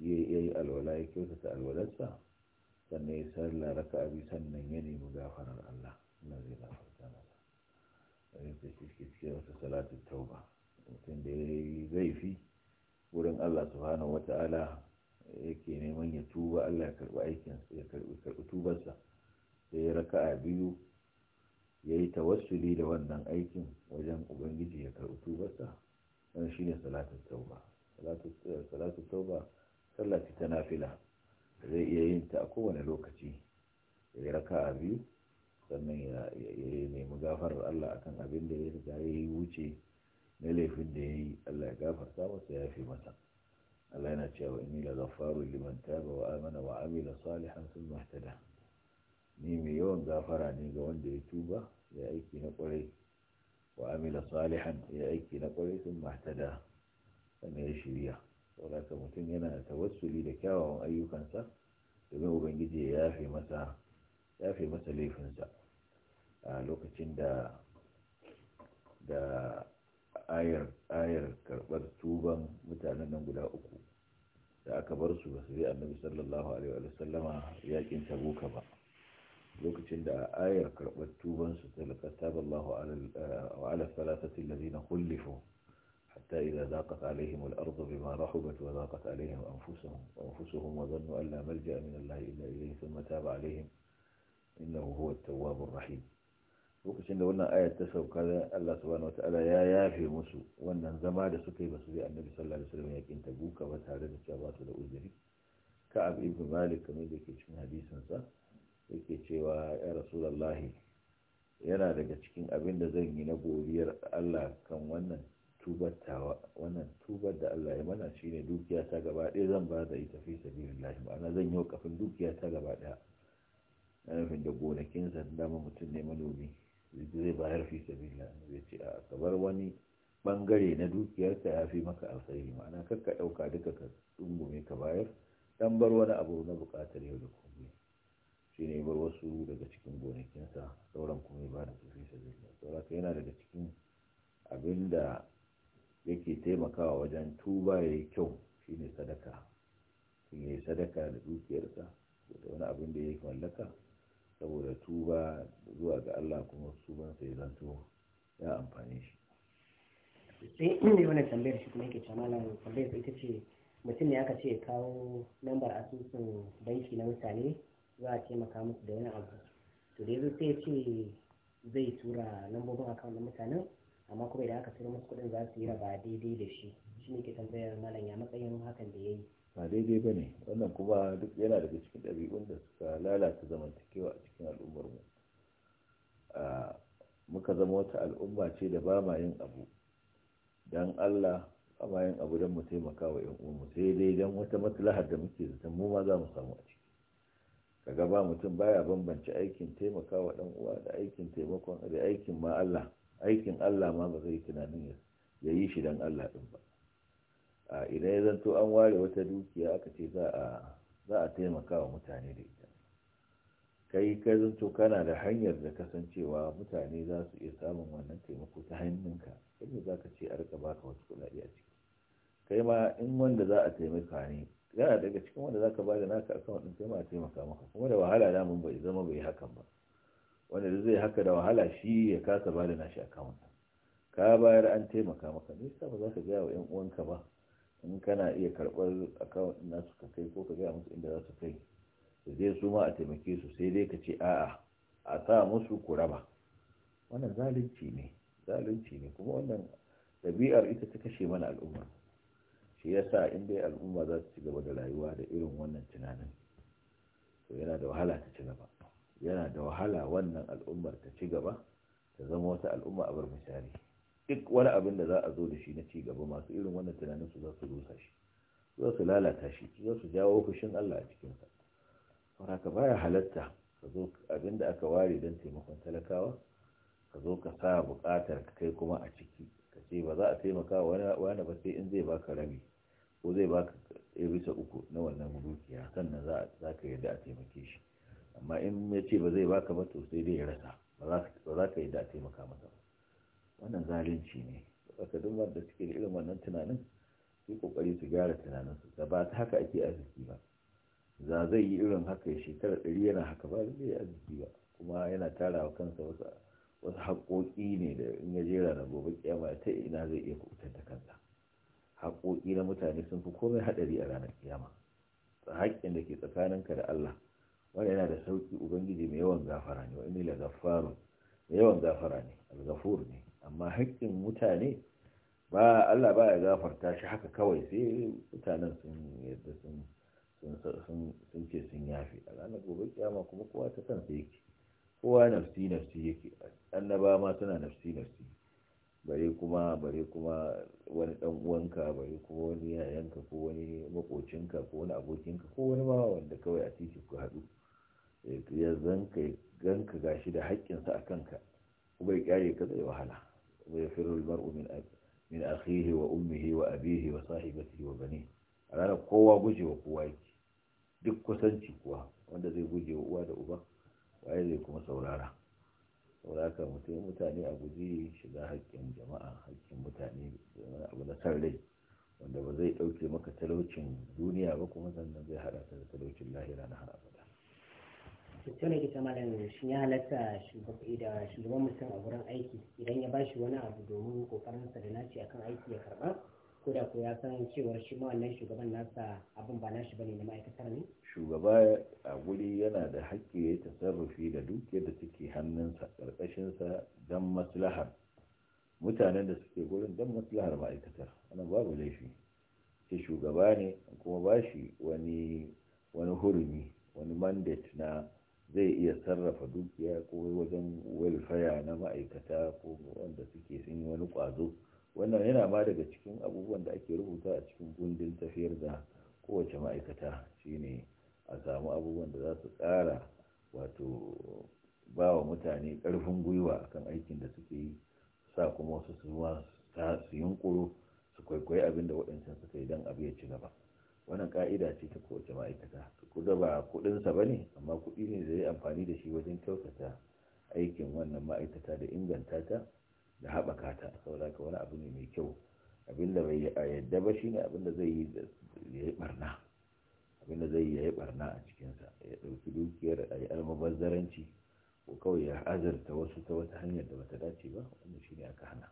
Speaker 2: yi alwala ya kyautata alwalarsa sannan ya salla raka abi sannan ya nemi gafarar Allah na zai gafarta masa wani ta shi cikin wata salatun tauba mutum da ya yi zaifi wurin Allah subhanahu ta'ala yake neman ya tuba Allah ya karɓi aikinsa ya karɓi tubarsa sai raka'a biyu ya yi tawassuli da wannan aikin wajen ubangiji ya karɓi tubarsa wani shi ne salatun tauba salatun eh, tauba sallaci ta nafila zai iya yin ta a kowane lokaci ya yi raka'a biyu sannan ya nemi gafarar Allah akan abin da ya riga ya yi wuce na laifin da ya yi Allah ya gafarta masa ya fi masa Allah yana cewa inni la ghaffarun liman taba wa amana wa amila salihan sun mahtada ni mai yawan gafara ne ga wanda ya tuba ya aiki na kwarai wa amila salihan ya aiki na kwarai sun mata da ya shirya saboda mutum yana da tawassuli da kyawawan ayyukansa domin ubangiji ya yafe masa masa laifinsa a lokacin da da ayar ayar karɓar tuban mutanen nan guda uku da aka bar su ba su annabi sallallahu alaihi wa sallama yakin tabuka ba لوكتين دا آية كربتوبان كتاب الله على آه، الثلاثة الذين خلفوا حتى إذا ضاقت عليهم الأرض بما رحبت وضاقت عليهم أنفسهم أنفسهم وظنوا أن ملجأ من الله إلا إليه ثم تاب عليهم إنه هو التواب الرحيم لوكتين دا قلنا آية تسو كذا الله سبحانه وتعالى يا يا في مسو وأن زما سكيبة كيبسو النبي صلى الله عليه وسلم يكين تبوك وتعالى الجواب لأوزه كعب ابن مالك من ذلك حديث حديثا yake cewa ya rasulallahi yana daga cikin abin da zan yi na godiyar Allah kan wannan tubar wannan tubar da Allah ya mana shine dukiya ta gaba ɗaya zan ba da ita fi sabilillah ma'ana zan yi kafin dukiya ta gaba ɗaya na nufin da gonakin sa dama mutum ne manomi zai bayar fi sabilillah zai ce a kabar wani bangare na dukiyarka ya fi maka alkhairi ma'ana kar ka ɗauka duka ka dungume ka bayar dan bar wani abu na buƙatar yau da shi ne bar wasu daga cikin gonakinsa sauran kuma ya bada da su fi sabila sauraka yana daga cikin abin da yake taimakawa wajen tuba ya yi kyau shi ne sadaka shi ne sadaka da dukiyarsa da wani abin da ya mallaka saboda tuba zuwa ga Allah kuma tubansa ya zanto ya amfane
Speaker 1: shi sai eh, inda wani tambayar shi kuma yake camala tambayar ita ce mutum ne aka ce kawo lambar asusun banki na mutane za a taimaka musu da wani abu to da yanzu sai ya ce zai tura lambobin akan na mutanen amma kuma idan aka tura musu kuɗin za su yi raba daidai da shi shi ne ke tambayar malam ya matsayin hakan da ya yi
Speaker 2: ba daidai ba ne wannan kuma duk yana daga cikin ɗabi'un da suka lalata zamantakewa a cikin al'ummarmu muka zama wata al'umma ce da ba ma yin abu don allah ba ma yin abu don mu taimaka wa 'yan uwanmu sai dai don wata maslahar da muke zaton mu ma za mu samu a kaga ba mutum baya bambance aikin taimakawa dan uwa da aikin taimakon da aikin ma Allah aikin Allah ma ba zai tunanin ya yi shi dan Allah din ba a idan ya zanto an ware wata dukiya aka ce za a za a taimaka wa mutane da ita kai ka zanto kana da hanyar da kasancewa mutane za su iya samun wannan taimako ta hannunka kai za ka ce a rika baka wasu kuɗaɗe a ciki kai ma in wanda za a taimaka ne yana daga cikin wanda ba da naka account din sai a taimaka maka kuma da wahala da mun bai zama bai hakan ba wanda da zai haka da wahala shi ya kasa bada nashi account ka bayar an taimaka maka ne sai ba za ka ga wa ƴan uwanka ba in kana iya karɓar account din nasu ka kai ko ka gaya musu inda za su kai da je su ma a taimake su sai dai ka ce a'a a sa musu ku raba wannan zalunci ne zalunci ne kuma wannan ɗabi'ar ita ta kashe mana al'umma shi yasa in inda al'umma za su ci gaba da rayuwa da irin wannan tunanin to yana da wahala ta ci gaba yana da wahala wannan al'ummar ta ci gaba ta zama wata al'umma a bar misali duk wani abin da za a zo da shi na ci gaba masu irin wannan tunanin su za su rusa shi su za su lalata shi su za su jawo fushin Allah a cikin cikinsa saboda ka baya halatta ka zo abin da aka ware don taimakon talakawa ka zo ka sa buƙatar kai kuma a ciki ka ce ba za a taimaka wani ba sai in zai baka rami. ko zai baka ɗaya bisa uku na wannan dukiya sannan za ka yadda a taimake shi amma in ya ce ba zai baka ba to sai dai ya rasa ba za ka yadda a taimaka masa ba wannan zalunci ne saboda duk wanda suke da irin wannan tunanin su kokari su gyara tunaninsu da ba ta haka ake arziki ba za zai yi irin haka ya shekara ɗari yana haka ba zai yi arziki ba kuma yana tara wa kansa wasu haƙoƙi ne da in ya jera na gobe kiyama ta ina zai iya kuɓutar da kansa haƙoƙi na mutane sun fi komai haɗari a ranar kiyama haƙƙin da ke tsakaninka da Allah wanda yana da sauƙi ubangiji mai yawan gafara ne wani la mai yawan gafara ne al ne amma haƙƙin mutane ba Allah ba ya gafarta shi haka kawai sai mutanen sun yadda sun sun ce sun yafe a ranar gobe kiyama kuma kowa ta kansa yake kowa nafsi nafsi yake annaba ma suna nafsi nafsi bare kuma bare kuma wani dan uwanka bare kuma wani yayanka ko wani makocinka ko wani abokinka ko wani ma wanda kawai a titi ku haɗu ya zanka ganka gashi da haƙƙinsa a kanka ko bai kyare ka zai wahala ya firar mar'u min min akhihi wa ummihi wa abihi wa sahibatihi wa bani a ranar kowa guje wa kowa yake duk kusanci kuwa wanda zai guje wa uwa da uba waye zai kuma saurara sauraka mutum mutane a guji shiga haƙƙin jama'a haƙƙin mutane wani abu na san rai wanda ba zai ɗauke maka talaucin duniya ba kuma sannan
Speaker 1: zai haɗa ta da talaucin lahira na har abada. to ne kita malam shi ya halatta shugaban mutum a wurin aiki idan ya bashi wani abu domin kokarinsa da naci akan aiki ya karɓa ko da ko ya san cewar shi ma wannan shugaban nasa abin ba nashi bane na ma'aikatar ne
Speaker 2: shugaba a guri yana da haƙƙi ya tasarrufi da dukiyar da take hannunsa ƙarƙashinsa don maslahar mutanen da suke gurin dan maslahar ma'aikatar ana babu laifi ce shugaba ne kuma ba shi wani wani hurumi wani mandate na zai iya sarrafa dukiya ko wajen welfare na ma'aikata ko wanda suke sun yi wani ƙwazo wannan yana ma daga cikin abubuwan da ake rubuta a cikin gundin tafiyar da kowace ma'aikata shine a samu abubuwan da za su ƙara wato ba wa mutane karfin gwiwa kan aikin da suke yi sa kuma wasu su ma su yunkuro su kwaikwayi abin da waɗancan suka yi don abu ya ci gaba wannan ka'ida ce ta kowace ma'aikata ku da ba kuɗinsa ba ne amma kuɗi ne zai amfani da shi wajen kyautata aikin wannan ma'aikata da inganta ta da haɓaka ta saboda ka wani abu ne mai kyau abinda bai yadda ba shine abinda zai yi ya yi barna abinda zai yi ya yi barna a cikinsa ya ɗauki dukiyar a yi almabazzaranci ko kawai ya azarta wasu ta wata hanyar da bata dace ba wanda shine aka hana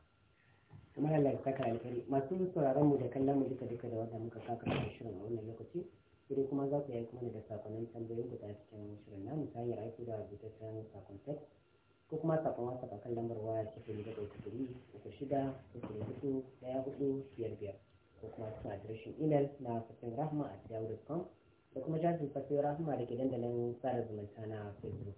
Speaker 1: kamar Allah ya saka alkhairi masu sauraron mu da kallon mu duka duka da wanda muka saka a shirin a wannan lokaci sai kuma za ku yi mana da sakonnin tambayoyin ku ta cikin shirin namu ta hanyar aiki da rubutaccen sakon text ko kuma sakon wasa kan lambar waya da ɗauki sufuri uku shida kuma hudu ɗaya hudu biyar biyar ko kuma cikin adireshin imel na fasin rahma a com da kuma shafin fasin rahma da ke dandalin sada zumunta na facebook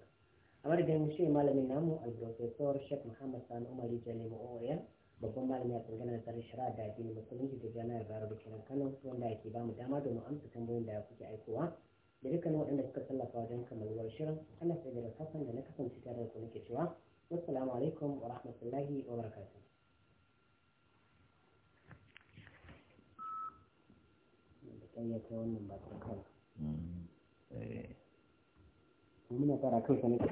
Speaker 1: a madadin shi malamin namu al-professor sheikh muhammad sani umari jalimu oyan babban malami a tsanganar tsarin shari'a da addini musulunci da jami'ar bayar da kenan kano wanda ake ba mu dama domin amsa tambayoyin da kuke aikowa da dukkan waɗanda suka tallafa wajen kammaluwar shirin Allah sai da kasan da na kasance tare da ku nake cewa wassalamu alaikum wa rahmatullahi wa barakatuh wannan ba ta muna fara kansa ne